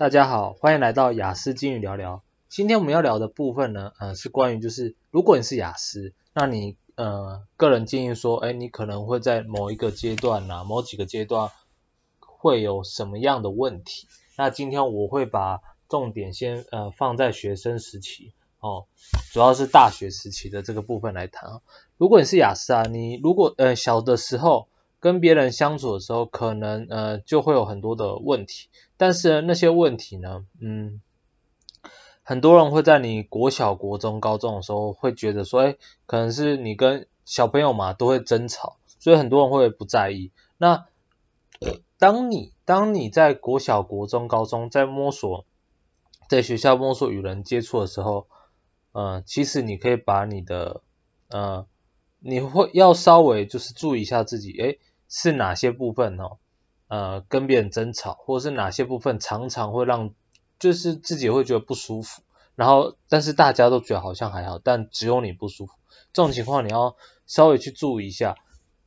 大家好，歡迎來到亞斯金語聊聊。今天我們要聊的部分呢，呃，是關於就是如果你是亞斯，那你呃個人建議說，誒，你可能會在某一個階段吶、啊，某幾個階段會有什麼樣的問題。那今天我會把重點先呃放在學生時期哦，主要是大學時期的這個部分來談。如果你是亞斯啊，你如果呃小的時候跟別人相處的時候，可能呃就會有很多的問題，但是呢那些問題呢，嗯，很多人會在你國小、國中、高中的時候會覺得說，哎、欸，可能是你跟小朋友嘛都會爭吵，所以很多人會不在意。那、呃、當你當你在國小、國中、高中在摸索，在學校摸索與人接觸的時候，嗯、呃，其實你可以把你的，嗯、呃，你會要稍微就是注意一下自己，誒、欸是哪些部分呢、哦？呃，跟別人爭吵，或者是哪些部分常常會讓，就是自己會覺得不舒服。然後，但是大家都覺得好像還好，但只有你不舒服。這種情況你要稍微去注意一下，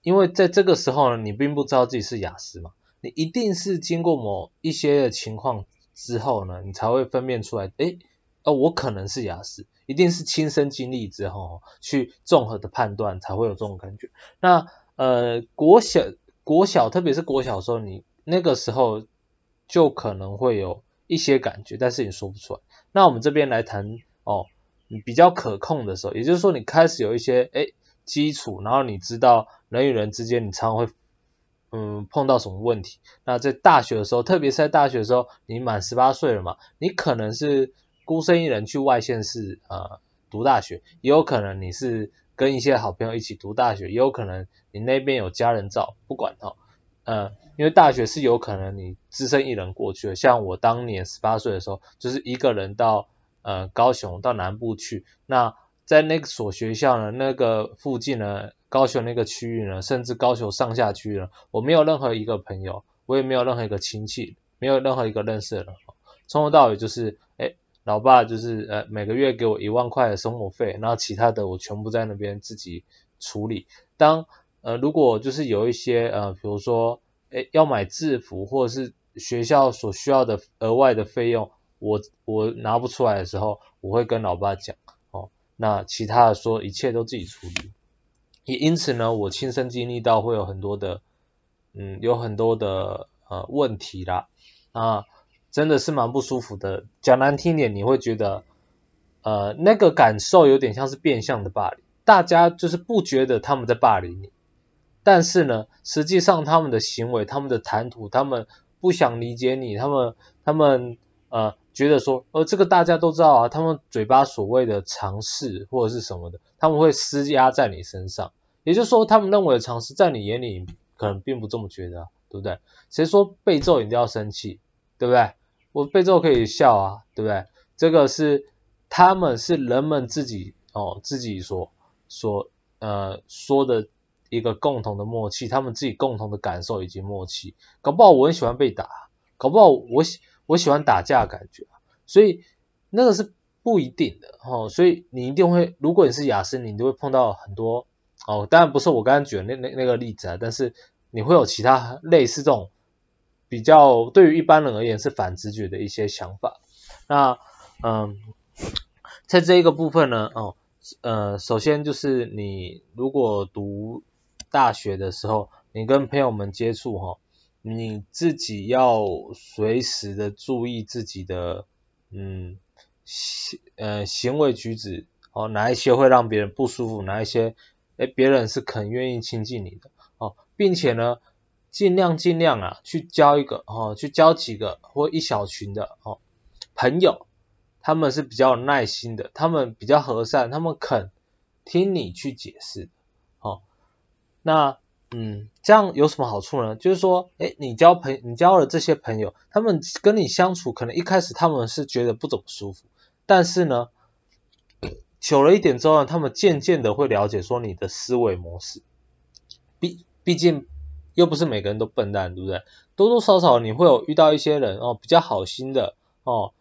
因為在這個時候呢，你並不知道自己是亞斯嘛。你一定是經過某一些的情況之後呢，你才會分辨出來，誒，哦，我可能是亞斯，一定是親身經歷之後去綜合的判斷才會有這種感覺。那。呃，國小、國小，特別是國小的時候，你那個時候就可能會有一些感覺，但是你說不出來。那我們這邊來談哦，比較可控的時候，也就是說你開始有一些誒、欸、基礎，然後你知道人與人之間你常常會嗯碰到什麼問題。那在大學的時候，特別是在大學的時候，你滿十八歲了嘛，你可能是孤身一人去外縣市啊、呃、讀大學，也有可能你是。跟一些好朋友一起讀大學，也有可能你那邊有家人照。不管哈、哦，嗯、呃，因為大學是有可能你只身一人過去的，像我當年十八歲的時候，就是一個人到呃高雄到南部去，那在那所學校呢，那個附近呢，高雄那個區域呢，甚至高雄上下區域呢，我沒有任何一個朋友，我也沒有任何一個親戚，沒有任何一個認識的人，從頭到尾就是，誒。老爸就是呃每個月給我一萬塊的生活費，然後其他的我全部在那邊自己處理。當呃如果就是有一些呃比如說誒要買制服或者是學校所需要的額外的費用，我我拿不出來的時候，我會跟老爸講哦。那其他的說一切都自己處理。也因此呢，我親身經歷到會有很多的嗯有很多的呃問題啦啊。真的是蠻不舒服的，講難聽點，你會覺得，呃，那個感受有點像是變相的霸凌。大家就是不覺得他們在霸凌你，但是呢，實際上他們的行為、他們的談吐、他們不想理解你，他們他們呃覺得說，呃，這個大家都知道啊，他們嘴巴所謂的常識或者是什麼的，他們會施壓在你身上。也就是說，他們認為的常識在你眼裡可能並不這麼覺得，啊，對不對？誰說被揍一定要生氣，對不對？我被揍可以笑啊，對不對？這個是他們，是人們自己哦，自己所所呃說的一個共同的默契，他們自己共同的感受以及默契。搞不好我很喜歡被打，搞不好我喜我喜歡打架的感覺，所以那個是不一定的哈、哦。所以你一定會，如果你是亞斯，你就會碰到很多哦，當然不是我剛剛舉的那那那個例子啊，但是你會有其他類似這種。比較對於一般人而言，是反直覺的一些想法。那嗯、呃，在這一個部分呢，哦，呃，首先就是你如果讀大學的時候，你跟朋友們接觸哈、哦，你自己要隨時的注意自己的嗯行呃行為舉止，哦哪一些會讓別人不舒服，哪一些哎，別人是肯願意親近你的哦，並且呢。盡量盡量啊，去交一個哦，去交幾個或一小群的哦朋友，他們是比較耐心的，他們比較和善，他們肯聽你去解釋，好、哦，那嗯，這樣有什麼好處呢？就是說，誒、欸、你交朋友，你交了這些朋友，他們跟你相處，可能一開始他們是覺得不怎麼舒服，但是呢，久了一點之後呢，他們漸漸的會了解說你的思維模式，畢畢竟。又不是每個人都笨蛋，對不對？多多少少你會有遇到一些人哦，比較好心的哦，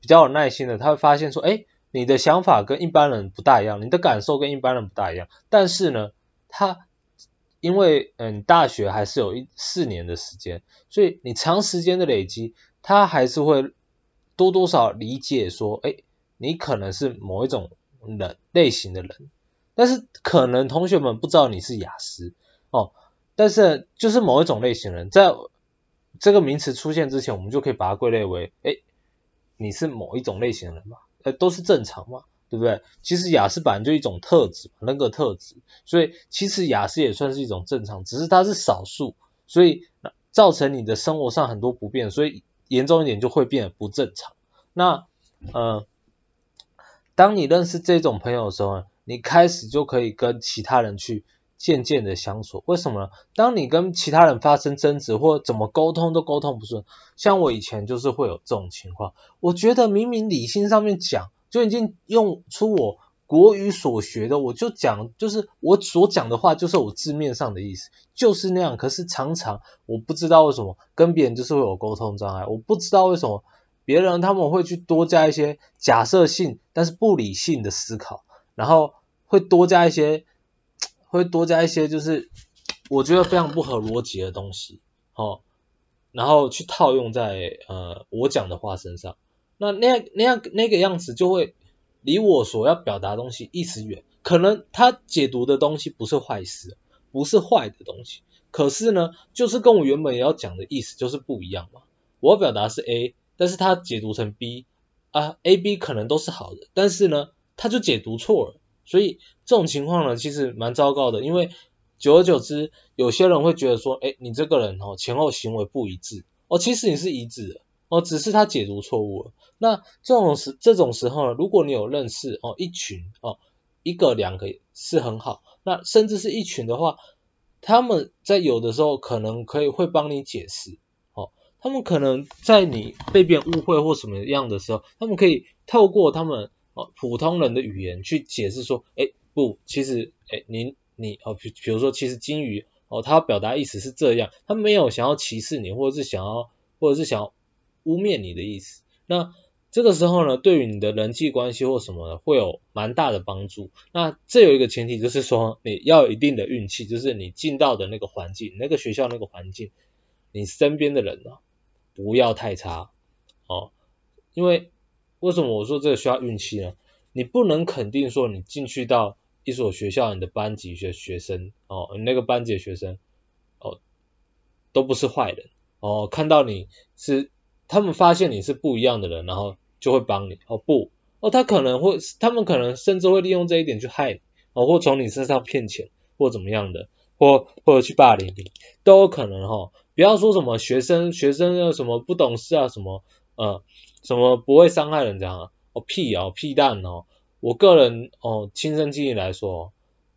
比較有耐心的，他會發現說，誒，你的想法跟一般人不大一樣，你的感受跟一般人不大一樣。但是呢，他因為嗯，大學還是有一四年的時間，所以你長時間的累積，他還是會多多少理解說，誒，你可能是某一種人類型的人，但是可能同學們不知道你是亞斯哦。但是就是某一種類型人在這個名詞出現之前，我們就可以把它歸類為，哎、欸，你是某一種類型人嘛？呃、欸，都是正常嘛，對不對？其實亞斯本來就一種特質，那個特質，所以其實亞斯也算是一種正常，只是它是少數，所以造成你的生活上很多不便，所以嚴重一點就會變得不正常。那呃，當你認識這種朋友的時候呢，你開始就可以跟其他人去。漸漸的相處，為什麼呢？當你跟其他人發生爭執，或者怎麼溝通都溝通不順，像我以前就是會有這種情況。我覺得明明理性上面講，就已經用出我國語所學的，我就講，就是我所講的話，就是我字面上的意思，就是那樣。可是常常我不知道為什麼跟別人就是會有溝通障礙，我不知道為什麼別人他們會去多加一些假設性，但是不理性的思考，然後會多加一些。會多加一些，就是我覺得非常不合邏輯的東西，哦，然後去套用在呃我講的話身上，那那樣那樣那個樣子就會離我所要表達的東西意思遠。可能他解讀的東西不是壞事，不是壞的東西，可是呢，就是跟我原本要講的意思就是不一樣嘛。我要表達是 A，但是他解讀成 B 啊，A B 可能都是好的，但是呢，他就解讀錯了。所以這種情況呢，其實蠻糟糕的，因為久而久之，有些人會覺得說，哎、欸，你這個人哦，前後行為不一致。哦，其實你是一致的，哦，只是他解讀錯誤了。那這種時，這種時候呢，如果你有認識哦，一群哦，一個兩個是很好，那甚至是一群的話，他們在有的時候可能可以會幫你解釋，哦，他們可能在你被別人誤會或什麼樣的時候，他們可以透過他們。哦，普通人的語言去解釋說，誒，不，其實，誒，您，你，哦，比，比如說，其實金魚，哦，他表達意思是這樣，他沒有想要歧視你，或者是想要，或者是想要污衊你的意思。那這個時候呢，對於你的人際關係或什麼的，會有蠻大的幫助。那這有一個前提就是說，你要有一定的運氣，就是你進到的那個環境，那個學校那個環境，你身邊的人呢、啊，不要太差，哦，因為。為什麼我說這個需要運氣呢？你不能肯定說你進去到一所學校，你的班級學學生哦，你那個班級的學生哦，都不是壞人哦。看到你是他們發現你是不一樣的人，然後就會幫你哦，不哦，他可能會，他們可能甚至會利用這一點去害你哦，或從你身上騙錢或怎麼樣的，或或者去霸凌你都有可能哈、哦。不要說什麼學生學生有什麼不懂事啊什麼嗯。呃什麼不會傷害人這樣啊？哦，屁、哦，屁蛋哦。我個人哦，親身經歷來說，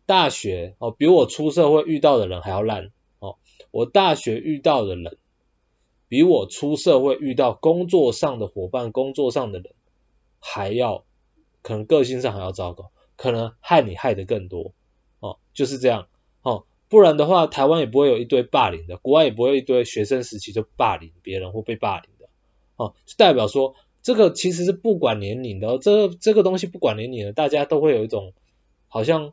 大學哦，比我出社會遇到的人還要爛哦。我大學遇到的人，比我出社會遇到工作上的夥伴、工作上的人還要，可能個性上還要糟糕，可能害你害得更多哦，就是這樣哦。不然的話，台灣也不會有一堆霸凌的，國外也不會有一堆學生時期就霸凌別人或被霸凌。哦，就代表說，這個其實是不管年齡的，這個、這個東西不管年齡的，大家都會有一種好像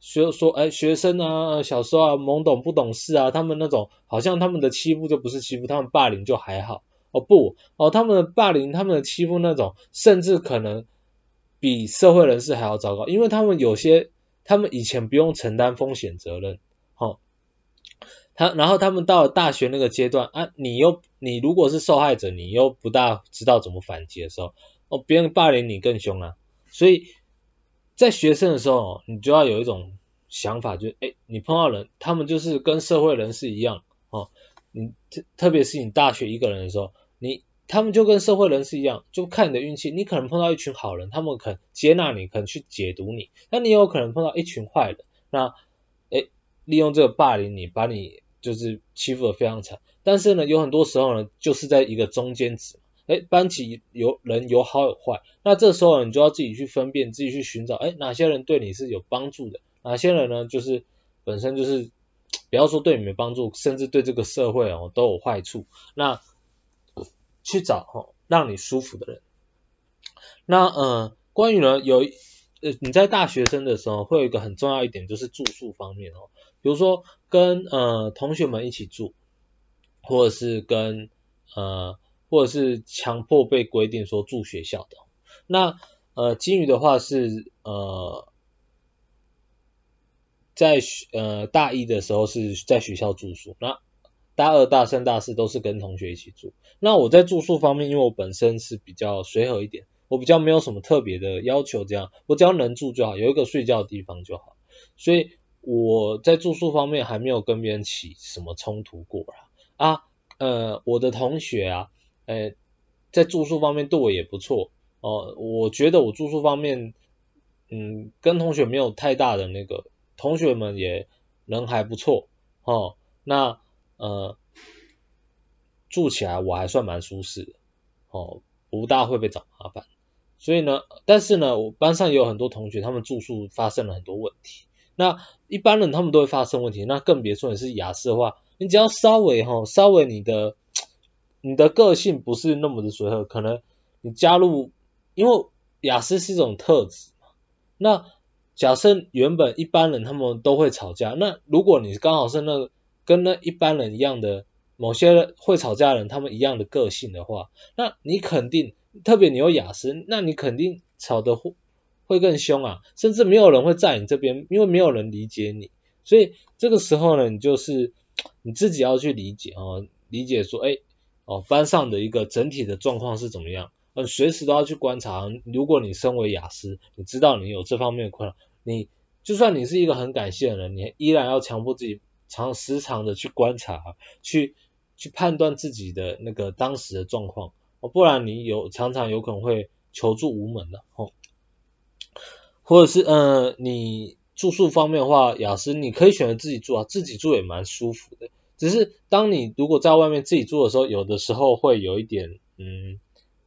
學說，誒、哎、學生啊，小時候啊，懵懂不懂事啊，他們那種好像他們的欺負就不是欺負，他們霸凌就還好。哦不，哦他們的霸凌，他們的欺負那種，甚至可能比社會人士還要糟糕，因為他們有些他們以前不用承擔風險責任，哦。他然後他們到了大學那個階段啊，你又你如果是受害者，你又不大知道怎麼反擊的時候，哦，別人霸凌你更凶啊。所以在學生的時候，哦，你就要有一種想法，就是誒你碰到人，他們就是跟社會人士一樣哦。你特特別是你大學一個人的時候，你他們就跟社會人士一樣，就看你的運氣，你可能碰到一群好人，他們肯接納你，肯去解讀你，那你有可能碰到一群壞人，那誒利用這個霸凌你，把你。就是欺負得非常慘，但是呢，有很多時候呢，就是在一個中間值。欸，班級有人有好有壞，那這時候你就要自己去分辨，自己去尋找，欸，哪些人對你是有幫助的，哪些人呢，就是本身就是不要說對你沒幫助，甚至對這個社會哦都有壞處。那去找哦，讓你舒服的人。那嗯，呃，關於呢有你在大學生的時候，會有一個很重要一點，就是住宿方面哦。比如說跟呃同學們一起住，或者是跟呃或者是強迫被規定說住學校的。那呃金魚的話是呃在呃大一的時候是在學校住宿，那大二、大三、大四都是跟同學一起住。那我在住宿方面，因為我本身是比較隨和一點，我比較沒有什麼特別的要求這樣，我只要能住就好，有一個睡覺的地方就好，所以。我在住宿方面還沒有跟別人起什麼衝突過啊。啊，呃，我的同學啊，呃，在住宿方面對我也不錯哦，呃，我覺得我住宿方面，嗯，跟同學沒有太大的那個，同學們也人還不錯哦，那呃，住起來我還算蠻舒適的哦，不大會被找麻煩，所以呢，但是呢，我班上有很多同學，他們住宿發生了很多問題。那一般人他們都會發生問題，那更別說你是亞斯的話，你只要稍微吼，稍微你的你的個性不是那麼的隨和，可能你加入，因為亞斯是一種特質嘛。那假設原本一般人他們都會吵架，那如果你剛好是那個跟那一般人一樣的某些人會吵架的人，他們一樣的個性的話，那你肯定特別你有亞斯，那你肯定吵得。會更凶啊，甚至沒有人會在你這邊，因為沒有人理解你，所以這個時候呢，你就是你自己要去理解哦，理解說，誒、哎、哦班上的一個整體的狀況是怎麼樣，嗯，隨時都要去觀察。如果你身為亞斯，你知道你有這方面的困擾，你就算你是一個很感性的人，你依然要強迫自己常時常的去觀察，去去判斷自己的那個當時的狀況，哦，不然你有常常有可能會求助無門的、啊，吼。或者是呃，你住宿方面的話，亞斯你可以選擇自己住啊，自己住也蠻舒服的。只是當你如果在外面自己住的時候，有的時候會有一點嗯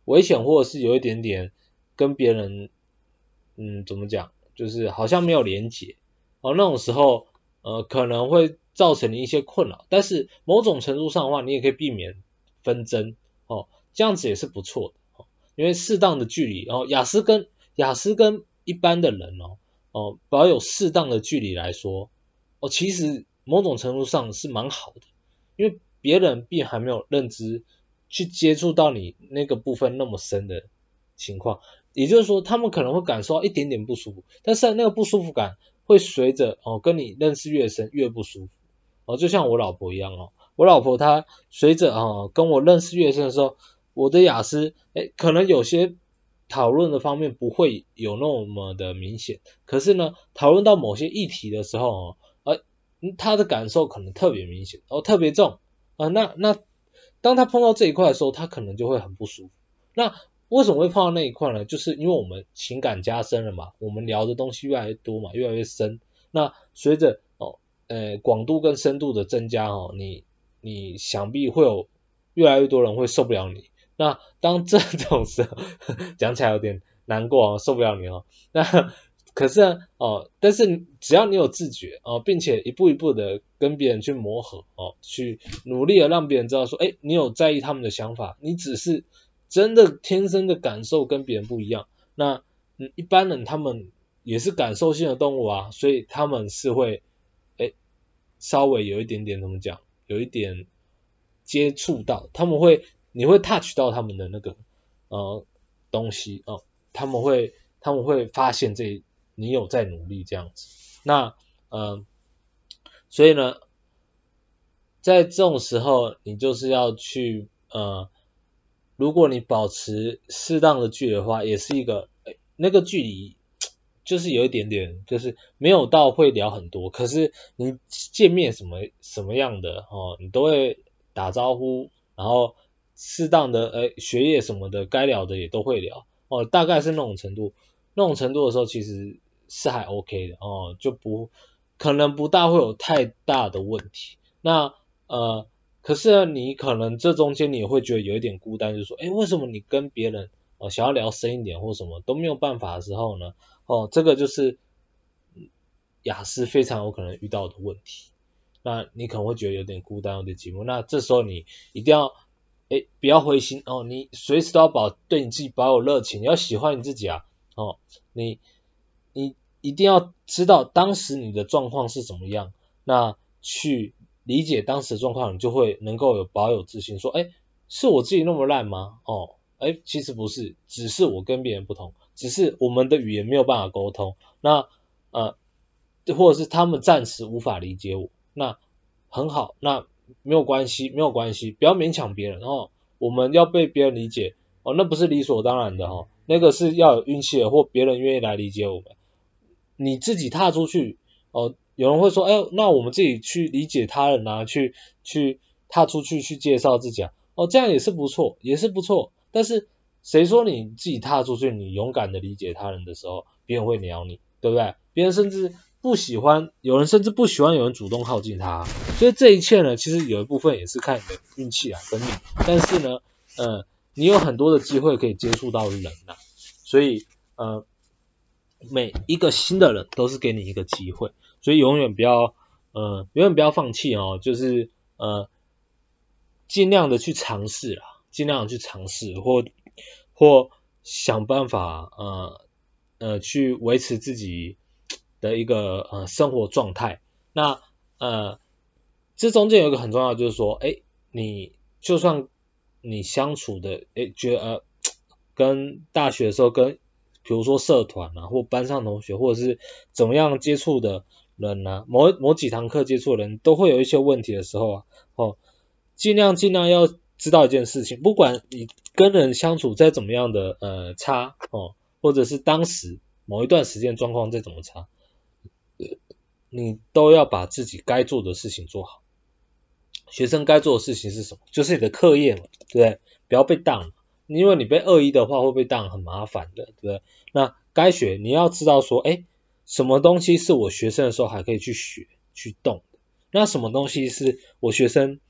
危險，或者是有一點點跟別人嗯怎麼講，就是好像沒有連結哦，那種時候呃可能會造成你一些困擾。但是某種程度上的話，你也可以避免紛爭哦，這樣子也是不錯的哦，因為適當的距離然後，亞斯跟亞斯跟、亞斯跟一般的人哦，哦，保有適當的距離來說，哦，其實某種程度上是蠻好的，因為別人並還沒有認知去接觸到你那個部分那麼深的情況，也就是說，他們可能會感受到一點點不舒服，但是那個不舒服感會隨着哦跟你認識越深越不舒服，哦，就像我老婆一樣哦，我老婆她隨着啊、哦、跟我認識越深的時候，我的亞斯，誒，可能有些。討論的方面不會有那麼的明顯，可是呢，討論到某些議題的時候哦，呃，他的感受可能特別明顯，然後、哦、特別重啊、呃。那那當他碰到這一塊的時候，他可能就會很不舒服。那為什麼會碰到那一塊呢？就是因為我們情感加深了嘛，我們聊的東西越來越多嘛，越來越深。那隨着哦，呃，廣度跟深度的增加哦，你你想必會有越來越多人會受不了你。那當這種時候講起來有點難過哦，受不了你哦。那可是呢，哦，但是只要你有自覺哦，並且一步一步的跟別人去磨合哦，去努力的讓別人知道說，哎、欸，你有在意他們的想法，你只是真的天生的感受跟別人不一樣。那一般人他們也是感受性的動物啊，所以他們是會哎、欸，稍微有一點點怎麼講，有一點接觸到，他們會。你會 touch 到他們的那個呃東西哦，他們會他們會發現這你有在努力這樣子，那呃所以呢，在這種時候你就是要去呃，如果你保持適當的距離的話，也是一個那個距離就是有一點點，就是沒有到會聊很多，可是你見面什麼什麼樣的哦，你都會打招呼，然後。適當的，哎，學業什麼的，該聊的也都會聊，哦，大概是那種程度，那種程度的時候，其實是還 OK 的，哦，就不可能不大會有太大的問題。那，呃，可是你可能這中間你會覺得有一點孤單，就是說，哎，為什麼你跟別人，哦，想要聊深一點或什麼都沒有辦法的時候呢？哦，這個就是亞斯非常有可能遇到的問題。那你可能會覺得有點孤單，有點寂寞。那這時候你一定要。哎，不要灰心哦！你隨時都要保，對你自己保有熱情，你要喜歡你自己啊！哦，你你一定要知道當時你的狀況是怎麼樣，那去理解當時的狀況，你就會能夠有保有自信，說，哎，是我自己那麼爛嗎？哦，哎，其實不是，只是我跟別人不同，只是我們的語言沒有辦法溝通，那，呃，或者是他們暫時無法理解我，那很好，那。沒有關係，沒有關係，不要勉強別人。哦，我們要被別人理解，哦，那不是理所當然的哈，哦，那個是要有運氣的，或別人願意來理解我們。你自己踏出去，哦，有人會說，哎，那我們自己去理解他人啊，去去踏出去去介紹自己啊，哦，這樣也是不錯，也是不錯。但是誰說你自己踏出去，你勇敢的理解他人的時候，別人會鳥你，對不對？別人甚至。不喜歡有人，甚至不喜歡有人主動靠近他，所以這一切呢，其實有一部分也是看你的運氣啊、跟你。但是呢，呃，你有很多的機會可以接觸到人呢、啊，所以呃，每一個新的人都是給你一個機會，所以永遠不要呃，永遠不要放棄哦，就是呃，盡量的去嘗試啦，盡量的去嘗試或或想辦法呃呃去維持自己。的一個呃生活狀態，那呃這中間有一個很重要，就是說，哎，你就算你相處的，哎，覺得呃跟大學的時候跟，比如說社團吶、啊，或班上同學，或者是怎麼樣接觸的人吶、啊，某某幾堂課接觸的人都會有一些問題的時候啊，哦，盡量盡量要知道一件事情，不管你跟人相處再怎麼樣的呃差哦，或者是當時某一段時間狀況再怎麼差。你都要把自己該做的事情做好。學生該做的事情是什麼？就是你的課業嘛，對不對？不要被當，因為你被惡意的話會被當很麻煩的，對不對？那該學你要知道說，哎，什麼東西是我學生的時候還可以去學去動？那什麼東西是我學生，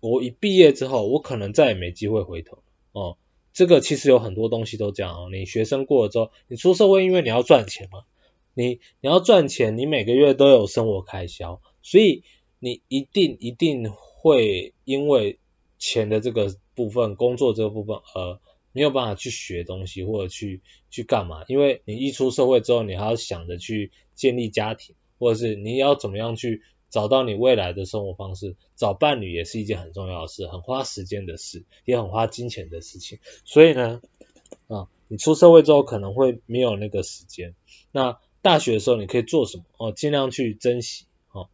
我一畢業之後我可能再也沒機會回頭哦。這個其實有很多東西都這樣哦，你學生過了之後，你出社會因為你要賺錢嘛。你你要賺錢，你每個月都有生活開銷，所以你一定一定會因為錢的這個部分、工作這個部分，呃，沒有辦法去學東西或者去去幹嘛？因為你一出社會之後，你還要想着去建立家庭，或者是你要怎麼樣去找到你未來的生活方式？找伴侶也是一件很重要的事，很花時間的事，也很花金錢的事情。所以呢，啊，你出社會之後可能會沒有那個時間，那。大學的時候你可以做什麼？哦，盡量去珍惜，哦，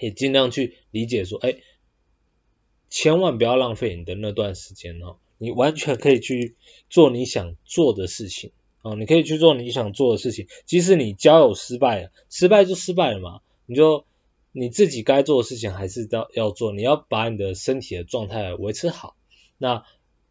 也盡量去理解說，欸，千萬不要浪費你的那段時間哦。你完全可以去做你想做的事情，哦，你可以去做你想做的事情。即使你交友失敗了，失敗就失敗了嘛，你就你自己該做的事情還是要，要做。你要把你的身體的狀態維持好。那，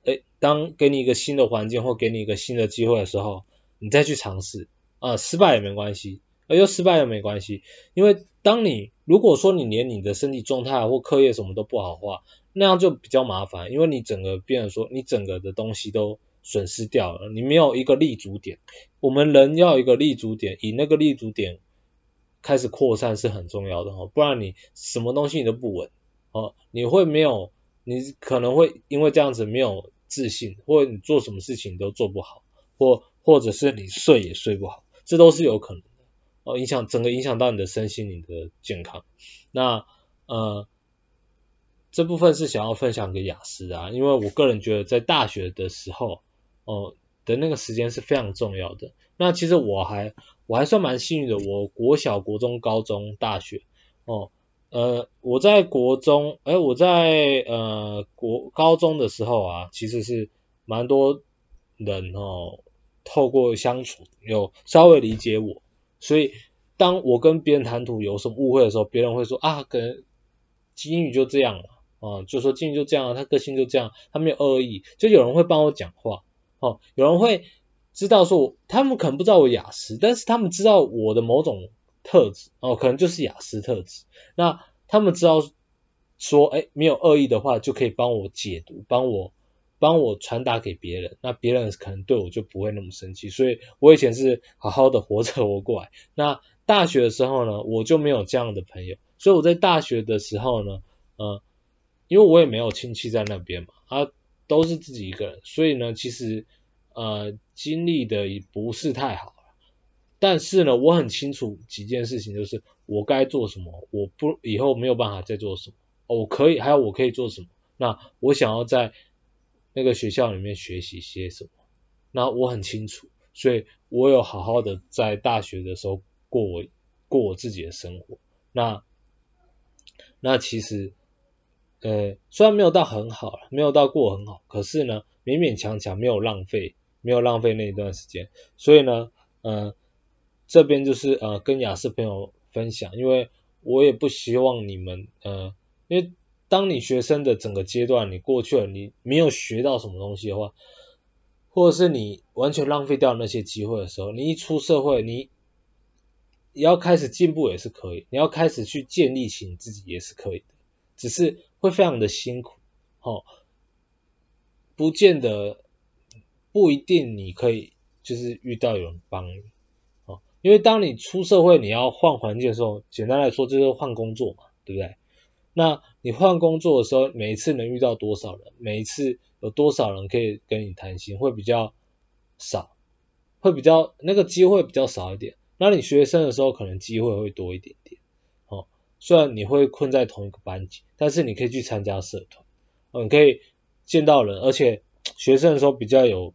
欸，當給你一個新的環境或給你一個新的機會的時候，你再去嘗試。啊，失敗也沒關係，啊，又失敗又沒關係，因為當你如果說你連你的身體狀態或課業什麼都不好話，那樣就比較麻煩，因為你整個變成說你整個的東西都損失掉了，你沒有一個立足點。我們人要一個立足點，以那個立足點開始擴散是很重要的哈，不然你什麼東西你都不穩哦，啊，你會沒有，你可能會因為這樣子沒有自信，或者你做什麼事情都做不好，或或者是你睡也睡不好。這都是有可能的哦，影響整個影響到你的身心、你的健康。那呃這部分是想要分享給亞斯啊，因為我個人覺得在大學的時候哦的那個時間是非常重要的。那其實我還我還算蠻幸運的，我國小、國中、高中、大學哦，呃我在國中，誒我在呃國高中的時候啊，其實是蠻多人哦。透過相處有稍微理解我，所以當我跟別人談吐有什麼誤會的時候，別人會說啊，可能金魚就這樣了，啊，啊、嗯，就說金魚就這樣了，啊，他個性就這樣，他沒有惡意，就有人會幫我講話，哦、嗯，有人會知道說，他們可能不知道我亞斯，但是他們知道我的某種特質，哦、嗯，可能就是亞斯特質，那他們知道說，誒、欸、沒有惡意的話，就可以幫我解讀，幫我。幫我傳達給別人，那別人可能對我就不會那麼生氣，所以我以前是好好的活着活過來。那大學的時候呢，我就沒有這樣的朋友，所以我在大學的時候呢，呃，因為我也沒有親戚在那邊嘛，啊，都是自己一個人，所以呢，其實呃，經歷的也不是太好了。但是呢，我很清楚幾件事情，就是我該做什麼，我不以後沒有辦法再做什麼，我可以，還有我可以做什麼，那我想要在。那個學校裡面學習些什麼？那我很清楚，所以我有好好的在大學的時候過我過我自己的生活。那那其實呃雖然沒有到很好，沒有到過很好，可是呢勉勉強強，沒有浪費，沒有浪費那一段時間。所以呢，嗯、呃，這邊就是呃跟亞斯朋友分享，因為我也不希望你們呃因為。當你學生的整個階段你過去了，你沒有學到什麼東西的話，或者是你完全浪費掉那些機會的時候，你一出社會，你也要開始進步也是可以，你要開始去建立起你自己也是可以的，只是會非常的辛苦，哦。不見得不一定你可以就是遇到有人幫你，哦，因為當你出社會你要換環境的時候，簡單來說就是換工作嘛，對不對？那你換工作的時候，每一次能遇到多少人？每一次有多少人可以跟你談心？會比較少，會比較那個機會比較少一點。那你學生的時候可能機會會多一點點，哦，雖然你會困在同一個班級，但是你可以去參加社團，哦，你可以見到人，而且學生的時候比較有，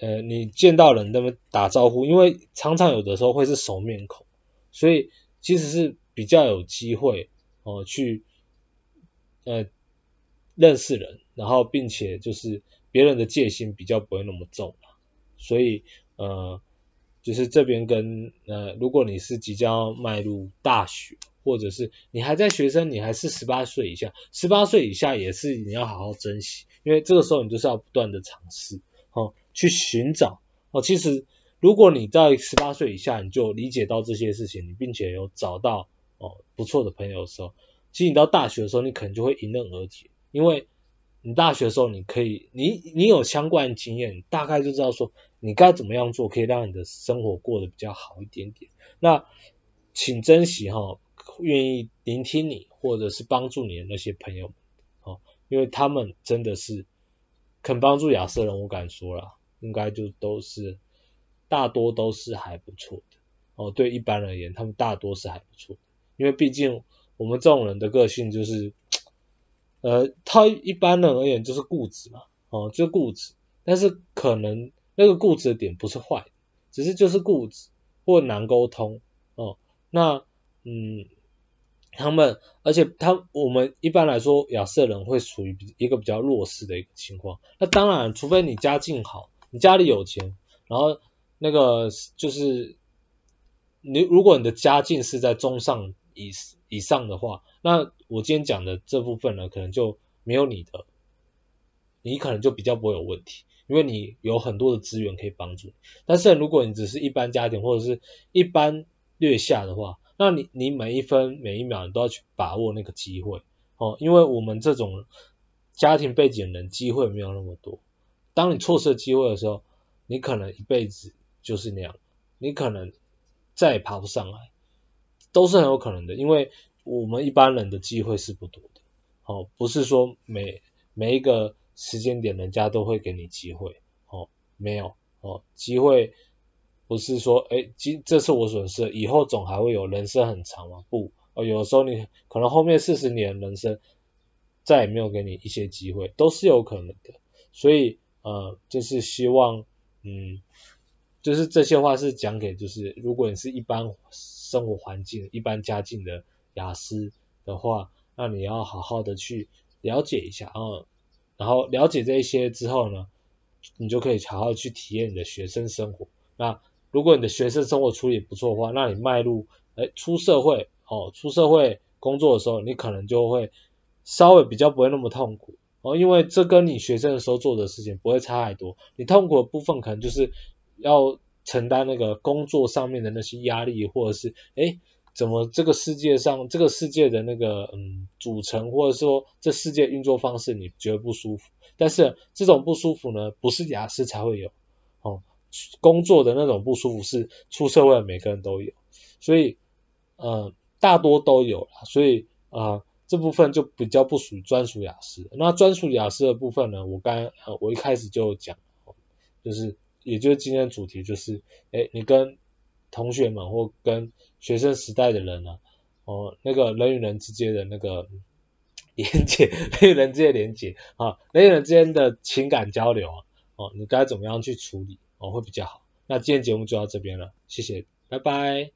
呃，你見到人那麼打招呼，因為常常有的時候會是熟面孔，所以其實是比較有機會哦去。呃，認識人，然後並且就是別人的戒心比較不會那麼重啊。所以呃，就是這邊跟呃，如果你是即將要邁入大學，或者是你還在學生，你還是十八歲以下，十八歲以下也是你要好好珍惜，因為這個時候你就是要不斷的嘗試，哦，去尋找哦，其實如果你在十八歲以下，你就理解到這些事情，你並且有找到哦不錯的朋友的時候。其實你到大學的時候，你可能就會迎刃而解，因為你大學的時候，你可以，你你有相關經驗，大概就知道說你該怎麼樣做，可以讓你的生活過得比較好一點點。那請珍惜哈、哦，願意聆聽你或者是幫助你的那些朋友們，哦，因為他們真的是肯幫助亞斯人，我敢說啦，應該就都是大多都是還不錯的哦。對，一般而言，他們大多是還不錯，因為畢竟。我們這種人的個性就是，呃，他一般人而言就是固執嘛，哦，就是固執，但是可能那個固執的點不是壞，只是就是固執或者難溝通，哦，那嗯，他們，而且他我們一般來說亞斯人會屬於比一個比較弱勢的一個情況，那當然除非你家境好，你家裡有錢，然後那個就是你如果你的家境是在中上意思，以上的話，那我今天講的這部分呢，可能就沒有你的，你可能就比較不會有問題，因為你有很多的資源可以幫助你。但是如果你只是一般家庭或者是一般略下的話，那你你每一分每一秒你都要去把握那個機會哦，因為我們這種家庭背景的人機會沒有那麼多，當你錯失了機會的時候，你可能一輩子就是那樣，你可能再也爬不上來。都是很有可能的，因為我們一般人的機會是不多的，哦，不是說每每一個時間點人家都會給你機會，哦，沒有，哦，機會不是說，誒，今這次我損失了，以後總還會有，人生很長嘛，不，哦，有的時候你可能後面四十年人生再也沒有給你一些機會，都是有可能的，所以，呃，就是希望，嗯，就是這些話是講給，就是如果你是一般。生活環境一般家境的亞斯的話，那你要好好的去了解一下，哦，然後然後了解這一些之後呢，你就可以好好去體驗你的學生生活。那如果你的學生生活處理不錯的話，那你邁入誒出社會哦出社會工作的時候，你可能就會稍微比較不會那麼痛苦，哦，因為這跟你學生的時候做的事情不會差太多。你痛苦的部分可能就是要。承擔那個工作上面的那些壓力，或者是誒，怎麼這個世界上這個世界的那個嗯組成，或者說這世界運作方式你覺得不舒服。但是這種不舒服呢，不是亞斯才會有哦、嗯，工作的那種不舒服是出社會的每個人都有，所以嗯、呃，大多都有了，所以啊、呃、這部分就比較不屬於專屬亞斯。那專屬亞斯的部分呢，我剛我一開始就講，就是。也就是今天的主題就是，誒，你跟同學們或跟學生時代的人啊，哦、呃，那個人與人之間的那個連接，人與人之間的連接啊，人與人之間的情感交流啊，哦、啊，你該怎麼樣去處理，哦、啊，會比較好。那今天節目就到這邊了，謝謝，拜拜。